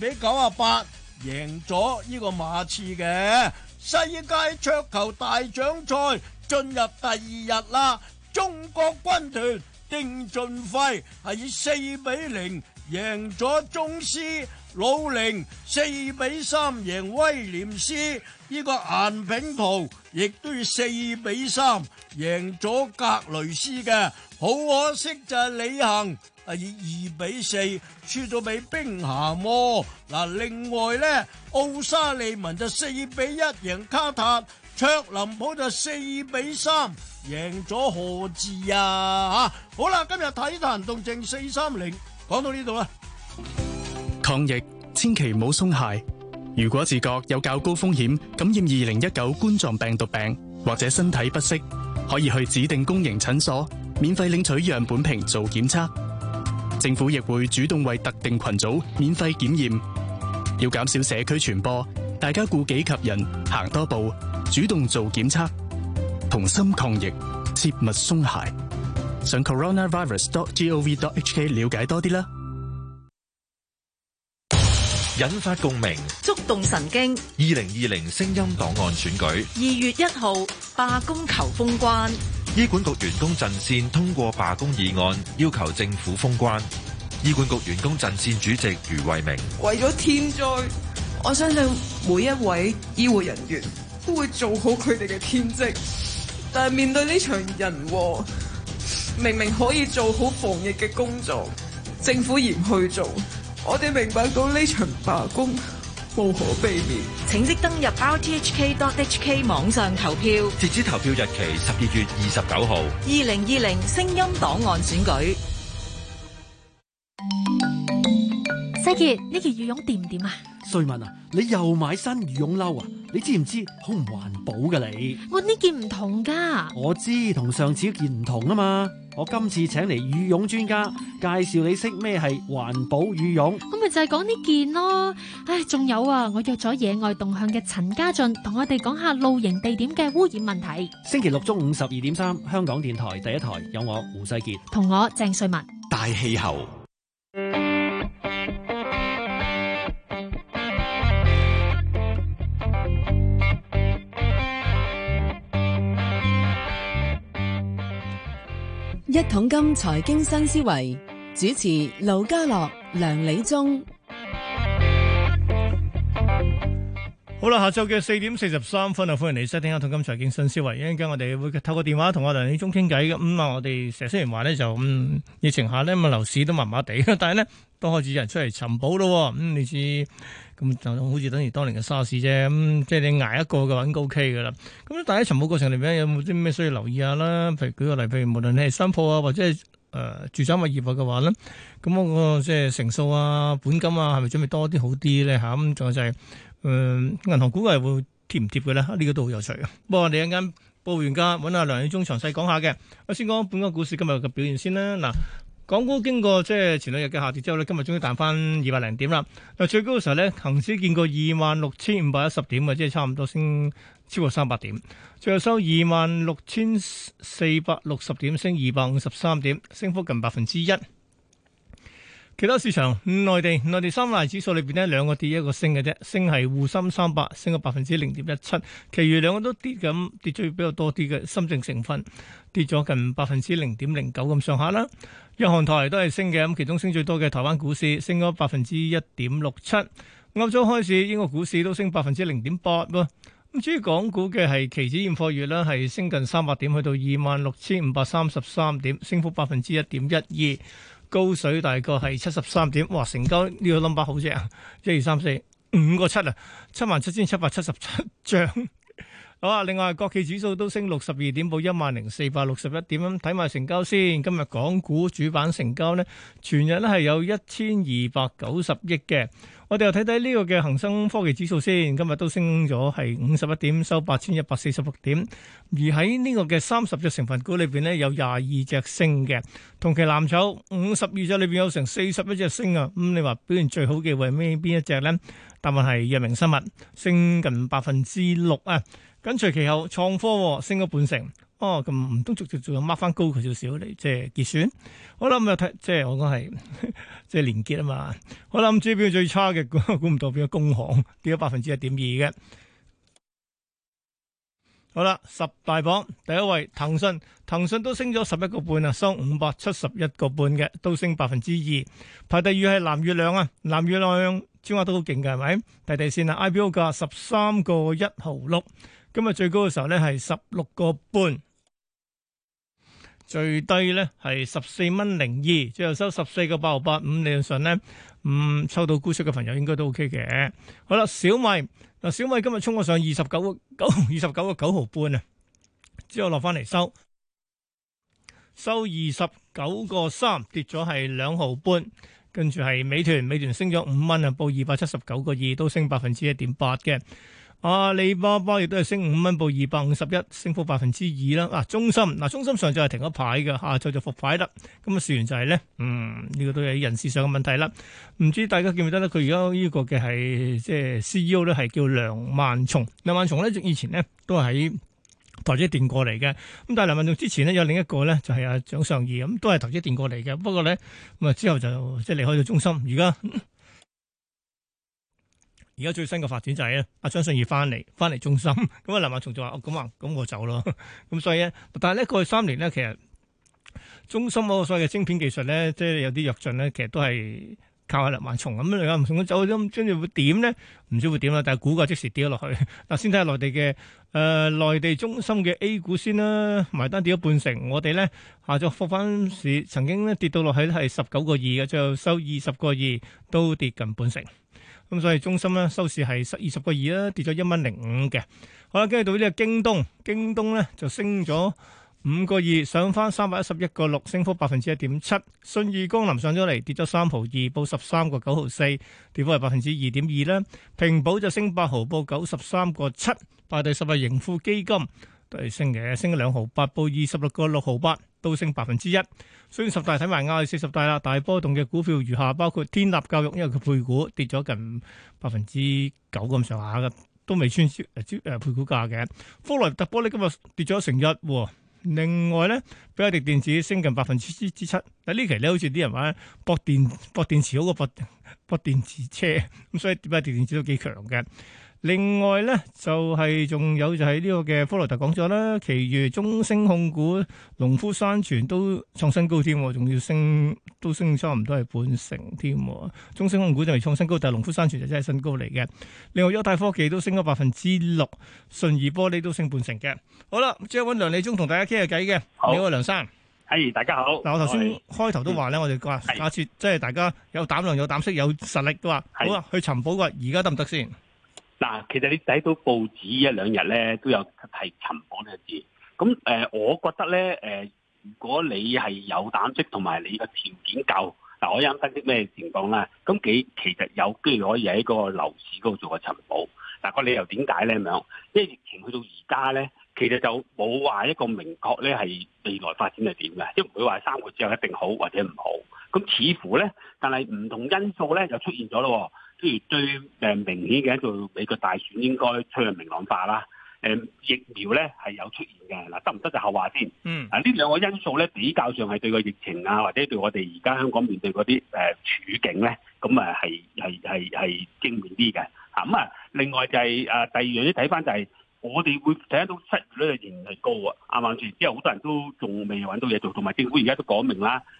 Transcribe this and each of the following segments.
俾九啊八贏咗呢個馬刺嘅世界桌球大獎賽進入第二日啦，中國軍團丁俊暉係以四比零贏咗中斯老寧，四比三贏威廉斯，呢個顏丙濤亦都要四比三贏咗格雷斯嘅，好可惜就係李行。以二比四輸咗俾冰咸。嗱，另外咧，奧沙利文就四比一贏卡塔，卓林普就四比三贏咗何志啊！吓，好啦，今日體壇動靜四三零，講到呢度啦。抗疫千祈唔好鬆懈，如果自覺有較高風險感染二零一九冠狀病毒病或者身體不適，可以去指定公營診所免費領取樣本瓶做檢測。政府亦會主動為特定群組免費檢驗，要減少社區傳播，大家顧己及人，行多步，主動做檢測，同心抗疫，切勿鬆懈。上 coronavirus.gov.hk 了解多啲啦！引發共鳴，觸動神經。二零二零聲音檔案選舉，二月一號罷工求封關。醫管局員工陣線通過罷工議案，要求政府封關。醫管局員工陣線主席余慧明：為咗天災，我相信每一位醫護人員都會做好佢哋嘅天職，但係面對呢場人禍，明明可以做好防疫嘅工作，政府而唔去做，我哋明白到呢場罷工。不可避免，卑微請即登入 rthk.hk 網上投票，截止投票日期十二月二十九號。二零二零聲音檔案選舉，世杰呢件羽絨掂唔掂啊？這個瑞文啊，你又買新羽絨褸啊？你知唔知好唔環保噶？你我呢件唔同噶，我知同上次件唔同啊嘛。我今次請嚟羽絨專家介紹你識咩係環保羽絨。咁咪就係講呢件咯。唉、哎，仲有啊，我約咗野外動向嘅陳家俊同我哋講下露營地點嘅污染問題。星期六中午十二點三，香港電台第一台有我胡世傑同我鄭瑞文大氣候。一桶金財經新思維主持：盧家樂、梁理忠。好啦，下晝嘅四點四十三分啊，歡迎你收聽《一桶金財經》新思維。維一陣間我哋會透過電話同阿梁宇忠傾偈嘅。咁、嗯、啊，我哋成日雖然話咧就嗯疫情下咧，咁啊樓市都麻麻地但係咧都開始有人出嚟尋寶咯。咁、嗯、你知咁就好似等於當年嘅沙士啫。咁即係你挨一個嘅話已經 OK 嘅啦。咁但係喺尋寶過程裏面，有冇啲咩需要留意下啦？譬如舉個例，譬如無論你係新鋪啊，或者係誒、呃、住宅物業嘅話咧，咁我個即係成數啊、本金啊，係咪準備多啲好啲咧？吓咁，仲有就係、是。誒，銀行股係會貼唔貼嘅咧？呢個都好有趣嘅。不過我哋一陣間報完價，揾阿梁宇忠詳細講下嘅。我先講本港股市今日嘅表現先啦。嗱，港股經過即係前兩日嘅下跌之後咧，今日終於彈翻二百零點啦。嗱，最高嘅時候咧，恒指見過二萬六千五百一十點啊，即係差唔多升超過三百點。最後收二萬六千四百六十點，升二百五十三點，升幅近百分之一。其他市場，內地內地三大指數裏邊呢，兩個跌一個升嘅啫，升係滬深三百升咗百分之零點一七，其餘兩個都跌咁，跌咗比較多啲嘅，深證成分跌咗近百分之零點零九咁上下啦。日韓台都係升嘅，咁其中升最多嘅台灣股市升咗百分之一點六七，歐洲開市，英國股市都升百分之零點八喎。咁至於港股嘅係期指現貨月呢係升近三百點，去到二萬六千五百三十三點，升幅百分之一點一二。高水大概係七十三點，哇！成交呢個 number 好正，一二三四五個七啊，七萬七千七百七十七張。好啊，另外國企指數都升六十二點，報一萬零四百六十一點。咁睇埋成交先，今日港股主板成交呢，全日呢係有一千二百九十億嘅。我哋又睇睇呢個嘅恒生科技指數先，今日都升咗係五十一點，收八千一百四十六點。而喺呢個嘅三十隻成分股裏邊咧，有廿二隻升嘅。同期藍籌五十二隻裏邊有成四十一隻升啊！咁、嗯、你話表現最好嘅為咩邊一隻咧？答案係藥明生物升近百分之六啊！跟隨其後，創科、哦、升咗半成。哦，咁唔通逐隻仲要 mark 翻高佢少少嚟即係結算？好啦，咁又睇即係我講係即係連結啊嘛。好啦、咁、嗯、最表最差嘅估估唔到變咗工行跌咗百分之一點二嘅。好啦，十大榜第一位騰訊，騰訊都升咗十一個半啊，收五百七十一個半嘅，都升百分之二。排第二係藍月亮啊，藍月亮超話都好勁㗎係咪？睇睇先啊 IPO 價十三個一毫六，今日最高嘅時候咧係十六個半。最低咧係十四蚊零二，最後收十四個八毫八五。理論上咧，嗯，抽到沽出嘅朋友應該都 OK 嘅。好啦，小米嗱，小米今日衝咗上二十九個九，二十九個九毫半啊，之後落翻嚟收收二十九個三，跌咗係兩毫半。跟住係美團，美團升咗五蚊啊，報二百七十九個二，都升百分之一點八嘅。阿里巴巴亦都係升五蚊，報二百五十一，升幅百分之二啦。啊，中心嗱、啊，中心上晝係停咗牌嘅，下晝就復牌嘞。咁啊，事完就係、是、咧，嗯，呢、這個都係人事上嘅問題啦。唔知大家記唔記得咧？佢而家呢個嘅係即係 C E O 咧，係叫梁萬松。梁萬松咧，以前呢都喺台積電過嚟嘅。咁但係梁萬松之前呢，有另一個咧就係阿蔣尚義咁，都係台積電過嚟嘅。不過咧，咁啊之後就即係離開咗中心，而家。而家最新嘅發展就係咧，阿張信義翻嚟，翻嚟中心，咁阿林萬松就話，哦，咁啊，咁我走咯。咁所以咧，但係咧過去三年咧，其實中心嗰個所謂嘅晶片技術咧，即係有啲躍進咧，其實都係靠阿林萬松咁樣。林萬松走咗，跟住會點咧？唔知會點啦。但係股價即時跌咗落去。嗱，先睇下內地嘅，誒內地中心嘅 A 股先啦。埋單跌咗半成，我哋咧下晝復翻市，曾經咧跌到落去係十九個二嘅，最後收二十個二，都跌近半成。咁所以中心咧收市係十二十個二啦，跌咗一蚊零五嘅。好啦，跟住到呢個京東，京東咧就升咗五個二，上返三百一十一個六，升幅百分之一點七。信義光能上咗嚟，跌咗三毫二，報十三個九毫四，跌幅係百分之二點二啦。平保就升八毫報，報九十三個七，排第十係盈富基金。都係升嘅，升咗兩毫八，報二十六個六毫八，都升百分之一。所以十大睇埋亞係四十大啦，大波動嘅股票如下，包括天立教育，因為佢配股跌咗近百分之九咁上下嘅，都未穿穿誒配股價嘅。福萊特玻璃今日跌咗成日，另外咧比亞迪電子升近百分之之七。但呢期咧好似啲人話搏電搏電池好過搏搏電池車，咁所以比亞迪電子都幾強嘅。另外咧，就係、是、仲有就係呢、這個嘅科羅特講咗啦。其餘中升控股、農夫山泉都創新高添，仲要升都升差唔多，係半成添。中升控股就未創新高，但係農夫山泉就真係新高嚟嘅。另外，優泰科技都升咗百分之六，順義玻璃都升半成嘅。好啦，即係搵梁李忠同大家傾下偈嘅。好你好，梁生。大家好。嗱是，我頭先開頭都話咧，我哋話是假設即係大家有膽量、有膽識、有實力都話，好啊，是去尋寶嘅，而家得唔得先？嗱，其實你睇到報紙一兩日咧，都有提尋寶呢個字。咁誒，我覺得咧，誒，如果你係有膽識同埋你個條件夠，嗱，我諗分啲咩情況啦？咁其實有機會可以喺個樓市嗰度做個尋寶。嗱、那，個理由點解咧？咁樣，因為疫情去到而家咧，其實就冇話一個明確咧係未來發展係點嘅，即係唔會話三個月之後一定好或者唔好。咁似乎咧，但係唔同因素咧就出現咗咯。譬如對誒明顯嘅一個美國大選應該趨向明朗化啦，誒疫苗咧係有出現嘅，嗱得唔得就後話先。嗯，啊呢兩個因素咧比較上係對個疫情啊，或者對我哋而家香港面對嗰啲誒處境咧，咁啊係係係係正面啲嘅。嚇咁啊，另外就係、是、啊第二樣嘢睇返就係、是、我哋會睇到失業率仍然係高啊，啱唔啱先？之後好多人都仲未搵到嘢做，同埋政府而家都講明啦。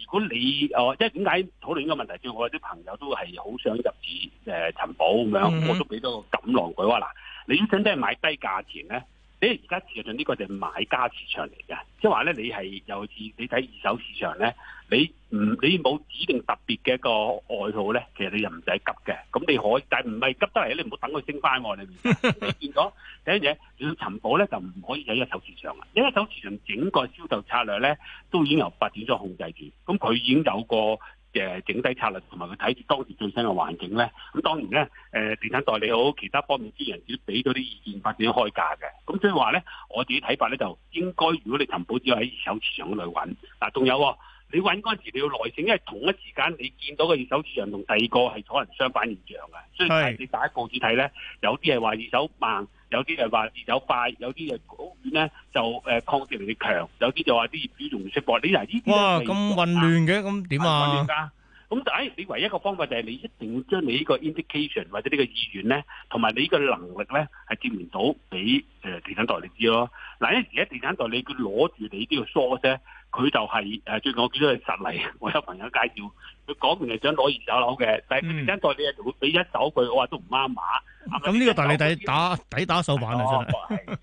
如果你哦，即係點解討論呢個問題？即係我啲朋友都係好想入住誒尋寶咁樣，mm hmm. 我都俾咗個錦囊佢話，嗱，你想即係買低價錢咧？你而家事實呢個就係買家市場嚟嘅，即係話咧，你係尤其你睇二手市場咧，你唔你冇指定特別嘅一個外號咧，其實你又唔使急嘅，咁你可，但係唔係急得嚟你唔好等佢升翻喎，你唔、啊、你， 你見咗第一樣嘢，你要尋寶咧就唔可以喺一手市場啊，因為一手市場整個銷售策略咧都已經由發展商控制住，咁佢已經有個。嘅整體策略同埋佢睇住當時最新嘅環境咧，咁當然咧，誒地產代理好，其他方面啲人亦都俾咗啲意見，發展開價嘅。咁所以話咧，我自己睇法咧、就是，就應該如果你尋寶，只要喺二手市場嗰度揾。嗱，仲有你揾嗰陣時，你要耐性，因為同一時間你見到嘅二手市場同第二個係可能相反現象嘅。所以你打一報紙睇咧，有啲係話二手慢。有啲人話自走快，有啲嘢好遠呢就抗跌嚟嘅強，有啲就話啲業主仲唔識喎。你嗱呢啲哇咁混亂嘅，咁點啊？咁就誒，你唯一,一個方法就係你一定要將你呢個 indication 或者呢個意願咧，同埋你呢個能力咧，係證明到俾誒地產代理知咯。嗱，有而家地產代理佢攞住你呢個 source 啫，佢就係誒最近我舉咗個實例，我有朋友介紹，佢講完係想攞二手樓嘅，但係地產代理就會俾一手佢，我話都唔啱碼。咁呢、嗯嗯、個代理抵打抵打，打手板啊！真係。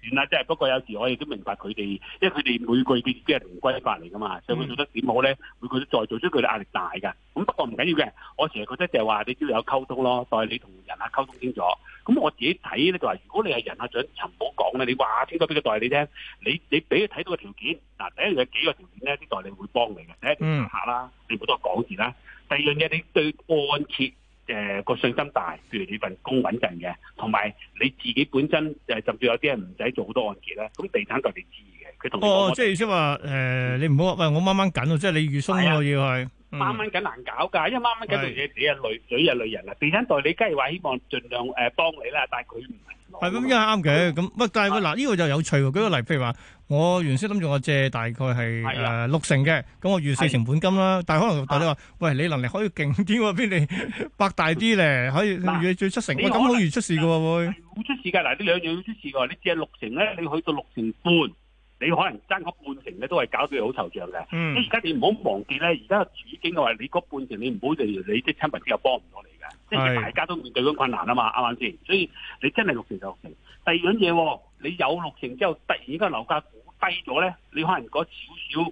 即係不過有時我哋都明白佢哋，因為佢哋每個月都係同唔規範嚟噶嘛，所以佢做得點好咧，每個月都再做出佢哋壓力大嘅。咁不過唔緊要嘅，我成日覺得就係話你只要有溝通咯，代理同人啊溝通清楚。咁我自己睇呢就話、是，如果你係人啊長，就唔好講咧。你話清楚俾個代理聽，你你俾佢睇到嘅條件，嗱，第一樣嘢幾個條件咧，啲代理會幫你嘅。第一，客啦，你唔好多講字啦。第二樣嘢，你對按揭。誒個、呃、信心大，譬如你份工穩陣嘅，同埋你自己本身誒，甚至有啲人唔使做好多案件啦。咁地產代理支援嘅，佢同你哦，即係意思話誒，呃嗯、你唔好話喂，我掹掹緊即係你預鬆咯、啊、要去掹掹緊難搞㗎，因為掹掹緊做嘢，是你係累水，你係累人啊！地產代理梗係話希望盡量誒幫你啦，但係佢唔係係咁，一係啱嘅咁乜？但係我嗱呢個就有趣喎，舉、個例，譬如話。我原先諗住我借大概係誒的、呃、六成嘅，咁我預四成本金啦。的但係可能大佬話，啊、喂，你能力可以勁啲喎，畀你百大啲咧，可以預你最但 七成，咁好易出事嘅會。好出事噶，嗱，呢兩樣要出事噶，你借六成咧，你去到六成半，你可能爭個半成咧，都係搞到你好惆悵嘅。即係你而家你唔好忘記咧，而家處境嘅話，你嗰半成你唔好就你，親密你的即親朋戚友幫唔到你嘅，即係大家都面對緊困難啊嘛，啱唔啱先？所以你真係六成就六成，第二樣嘢。你有六成之後，突然間樓價低咗咧，你可能嗰少少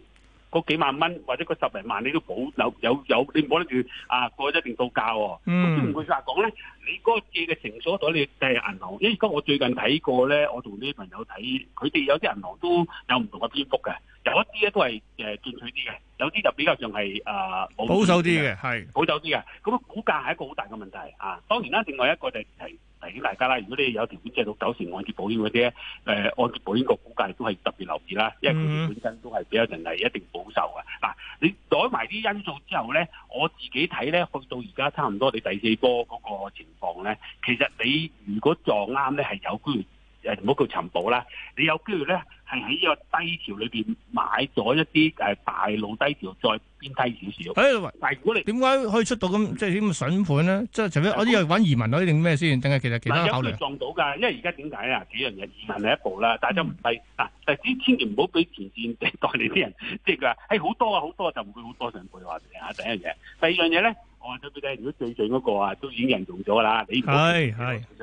嗰幾萬蚊或者嗰十零萬，你都保有有有，你唔保得住啊？過咗一定數價喎。咁點解話講咧？你嗰借嘅成數喺度，你第銀行。因為而家我最近睇過咧，我同啲朋友睇，佢哋有啲銀行都有唔同嘅篇幅嘅，有一啲咧都係誒進取啲嘅，有啲就比較上係啊保守啲嘅，係保守啲嘅。咁估價係一個好大嘅問題啊。當然啦，另外一個就係、係。提醒大家啦，如果你有條件借到九成按揭保險嗰啲，誒按揭保險個估計都係特別留意啦，因為佢哋本身都係比較人係一定保守嘅。嗱，你攞埋啲因素之後咧，我自己睇咧，去到而家差唔多你第四波嗰個情況咧，其實你如果撞啱咧係有機會。誒唔好叫尋寶啦，你有機會咧係喺呢個低潮裏邊買咗一啲誒大路低潮，再偏低少少。誒，但係如果你點解可以出到咁，即係點樣筍盤咧？即係除非我啲又揾移民嗰啲定咩先？定係其實其他考慮。嗯、撞到㗎，因為而家點解啊？幾樣嘢移民第一步啦，但係都唔低。嗱，但係千祈唔好俾前線即係代理啲人，即係佢話誒好多啊，好多就唔會好多成倍話嘅嚇。第一樣嘢，第二樣嘢咧。我睇睇，如果最上嗰個啊，都已經人做咗啦。你講最上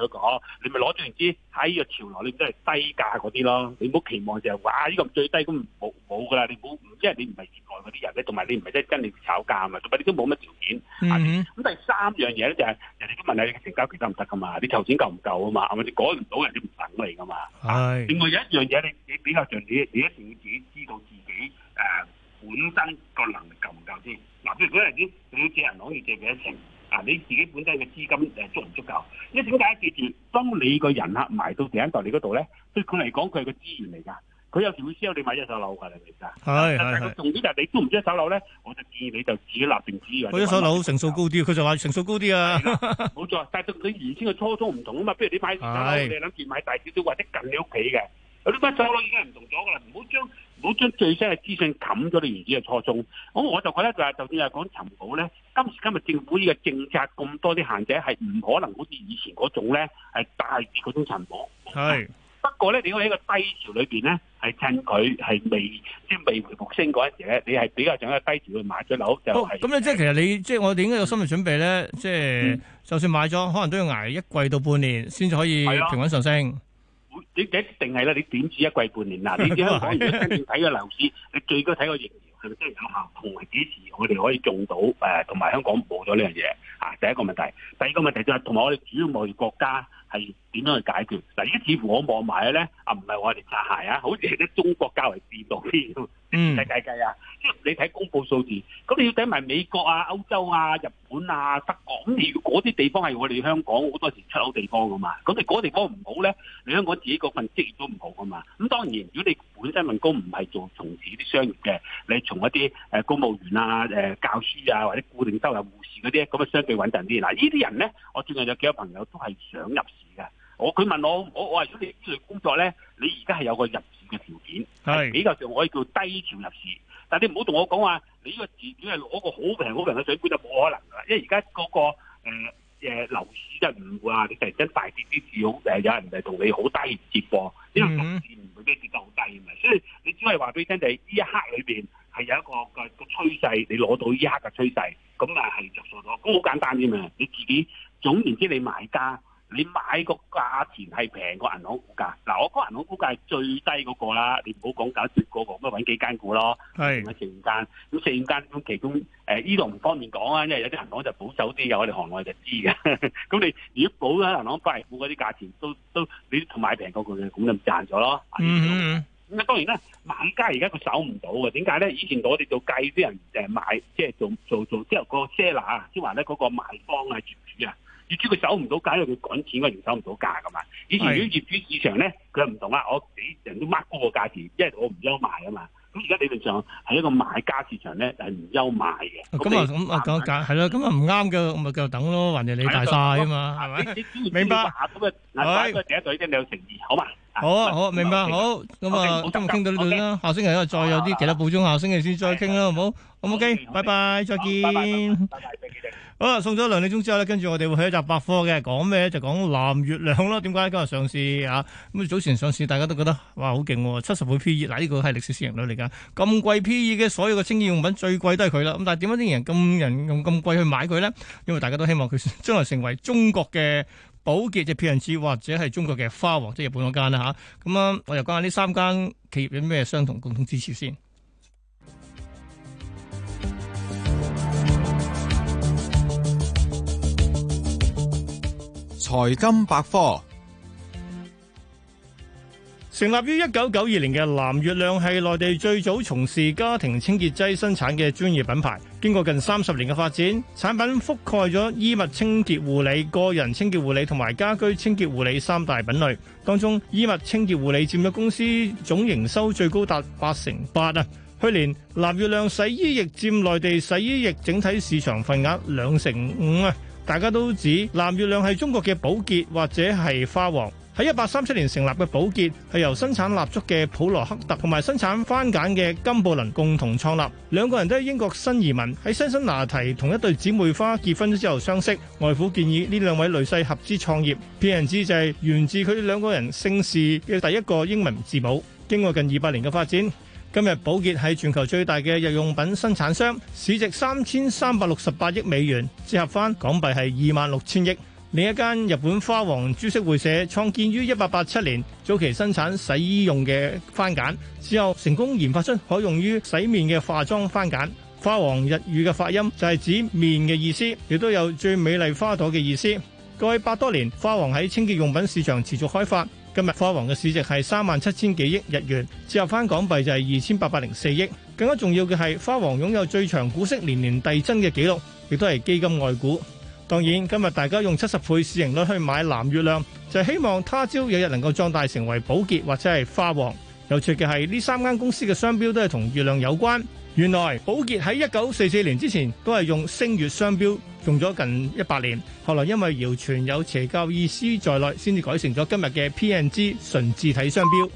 嗰個，你咪攞住唔知喺個潮流，你唔都係低價嗰啲咯。你唔好期望就係哇，呢個最低咁冇冇噶啦。你唔好即係你唔係熱愛嗰啲人咧，同埋你唔係真係跟你炒價嘛。同埋你都冇乜條件。咁第三樣嘢咧就係人哋都問你成交期得唔得噶嘛？你頭錢夠唔夠啊嘛？係咪你改唔到人哋唔等你噶嘛？另外有一樣嘢你你比較像你，你一定要自己知道自己誒。本身個能力夠唔夠先？嗱，譬如嗰陣時，你借人可以借幾多成？嗱，你自己本身嘅資金誒足唔足夠？因為點解借住？當你個人客埋到第一代你嗰度咧，對佢嚟講佢係個資源嚟㗎。佢有時會需要你買一手樓㗎啦，其實。係係。重點就係你鍾唔鍾一手樓咧？我就建議你就自己立定主意。佢一手樓成數高啲，佢就話成數高啲啊。冇錯，但係佢原先嘅初衷唔同啊嘛。不如你買一手樓，你係諗住買大少少或者近你屋企嘅。嗰啲一手樓已經係唔同咗㗎啦，唔好將好將最新嘅資訊冚咗你原先嘅初衷。咁我就覺得就係就算係講尋寶咧，今時今日政府呢個政策咁多啲限制，係唔可能好似以前嗰種咧係大跌嗰種尋寶。是不過咧，你喺一個低潮裏邊咧，係趁佢係未即係未回復升嗰陣時咧，你係比較想喺低潮去買咗樓就咁樣，即係其實你即係我點解有心理準備咧？即係、嗯就是、就算買咗，可能都要挨一季到半年先至可以平穩上升。你一定係啦，你點止一季半年嗱，你只香港如果真正睇個樓市，你最高睇個疫情。係咪真係有效同埋幾時我哋可以做到？誒、呃，同埋香港冇咗呢樣嘢啊！第一個問題，第二個問題就係同埋我哋主要貿易國家係。點樣去解決嗱？而家似乎我望埋咧，啊，唔係我哋擦鞋啊，好似啲中國較為嚴重啲。哈哈嗯，計計計啊！即係你睇公佈數字，咁你要睇埋美國啊、歐洲啊、日本啊、德國咁。如果嗰啲地方係我哋香港好多時出口地方噶嘛，咁你嗰地方唔好咧，你香港自己嗰份職業都唔好噶嘛。咁當然，如果你本身份工唔係做從事啲商業嘅，你從一啲誒公務員啊、誒教書啊或者固定收入護士嗰啲，咁啊相對穩陣啲。嗱，呢啲人咧，我最近有幾個朋友都係想入。我佢問我，我我話如果你呢類工作咧，你而家係有個入市嘅條件，係是比較上可以叫低潮入市。但係你唔好同我講話、啊，你呢個市已經係攞個好平好平嘅水盤就冇可能噶啦。因為而家嗰個誒誒樓市就唔會話，你突然間大跌啲市，好有人就同你好低接貨，因為市唔會咩跌得好低㗎嘛。所以你只係話俾你聽，就係、是、呢一刻裏邊係有一個一個個趨勢，你攞到呢一刻嘅趨勢，咁啊係着數咗。咁好簡單啫嘛，你自己總言之，你買家。你買個價錢係平過銀行估價，嗱我估銀行估價係最低嗰、那個啦。你唔好講搞掂嗰個，咁咪揾幾間估咯，係是四五間。咁四五間咁其中誒呢度唔方便講啊，因為有啲銀行就保守啲嘅，我哋行內就知嘅。咁你如果保啦，銀行不係估嗰啲價錢都都你同買平嗰、那個咧，咁就賺咗咯。咁啊、嗯、哼當然啦，萬家而家佢守唔到嘅，點解咧？以前我哋做計啲人誒買，即係做做做，之後、就是、個 seller 啊，即係咧嗰個賣方啊、業主啊。業主佢走唔到價，因為佢趕錢，佢自然走唔到價噶嘛。以前如果業主市場咧，佢係唔同啦，我啲人都 mark 高個價錢，因為我唔憂賣啊嘛。咁而家理論上係一個買家市場咧，係唔憂賣嘅。咁啊咁啊講價係咯，咁啊唔啱嘅，咪就等咯，還係你大晒啊嘛，係咪？明白。明白。好。好啊，好明白，好咁啊，今日傾到呢度啦，下星期一再有啲其他補充，下星期先再傾啦，好唔好？好唔好？拜拜，再見。好啊，送咗兩點鐘之後咧，跟住我哋會去一集百科嘅，講咩就講藍月亮咯。點解今日上市啊？咁早前上市，大家都覺得哇好勁，七十倍 P E，嗱呢個係歷史市盈率嚟噶，咁貴 P E 嘅所有嘅清潔用品最貴都係佢啦。咁但係點解啲人咁人用咁貴去買佢咧？因為大家都希望佢將來成為中國嘅。保潔，即 P&G 或者係中國嘅花王，即係日本嗰間啦吓。咁啊，我又講下呢三間企業有咩相同、共同之處先。財金百科。成立於一九九二年嘅藍月亮係內地最早從事家庭清潔劑生產嘅專業品牌。經過近三十年嘅發展，產品覆蓋咗衣物清潔護理、個人清潔護理同埋家居清潔護理三大品類。當中，衣物清潔護理佔咗公司總營收最高達八成八啊。去年，藍月亮洗衣液佔內地洗衣液整體市場份額兩成五啊。大家都指藍月亮係中國嘅寶潔或者係花王。喺一八三七年成立嘅寶潔，係由生產蠟燭嘅普羅克特同埋生產番梘嘅金布倫共同創立。兩個人都係英國新移民，喺辛辛那提同一對姊妹花結婚之後相識。外父建議呢兩位女婿合資創業。P&G 就係源自佢哋兩個人姓氏嘅第一個英文字母。經過近二百年嘅發展，今日寶潔係全球最大嘅日用品生產商，市值三千三百六十八億美元，折合翻港幣係二萬六千億。另一間日本花王株式會社創建於1887年，早期生產洗衣用嘅番梘，之後成功研發出可用於洗面嘅化妝番梘。花王日語嘅發音就係指面嘅意思，亦都有最美麗花朵嘅意思。過去百多年，花王喺清潔用品市場持續開發。今日花王嘅市值係三萬七千幾億日元，折合返港幣就係二千八百零四億。更加重要嘅係，花王擁有最長股息年年遞增嘅記錄，亦都係基金外股。當然，今日大家用七十倍市盈率去買藍月亮，就係希望他朝有日能夠壯大成為寶潔或者係花王。有趣嘅係，呢三間公司嘅商標都係同月亮有關。原來寶潔喺一九四四年之前都係用星月商標，用咗近一百年。後來因為謠傳有邪教意思在內，先至改成咗今日嘅 P&G 純字體商標。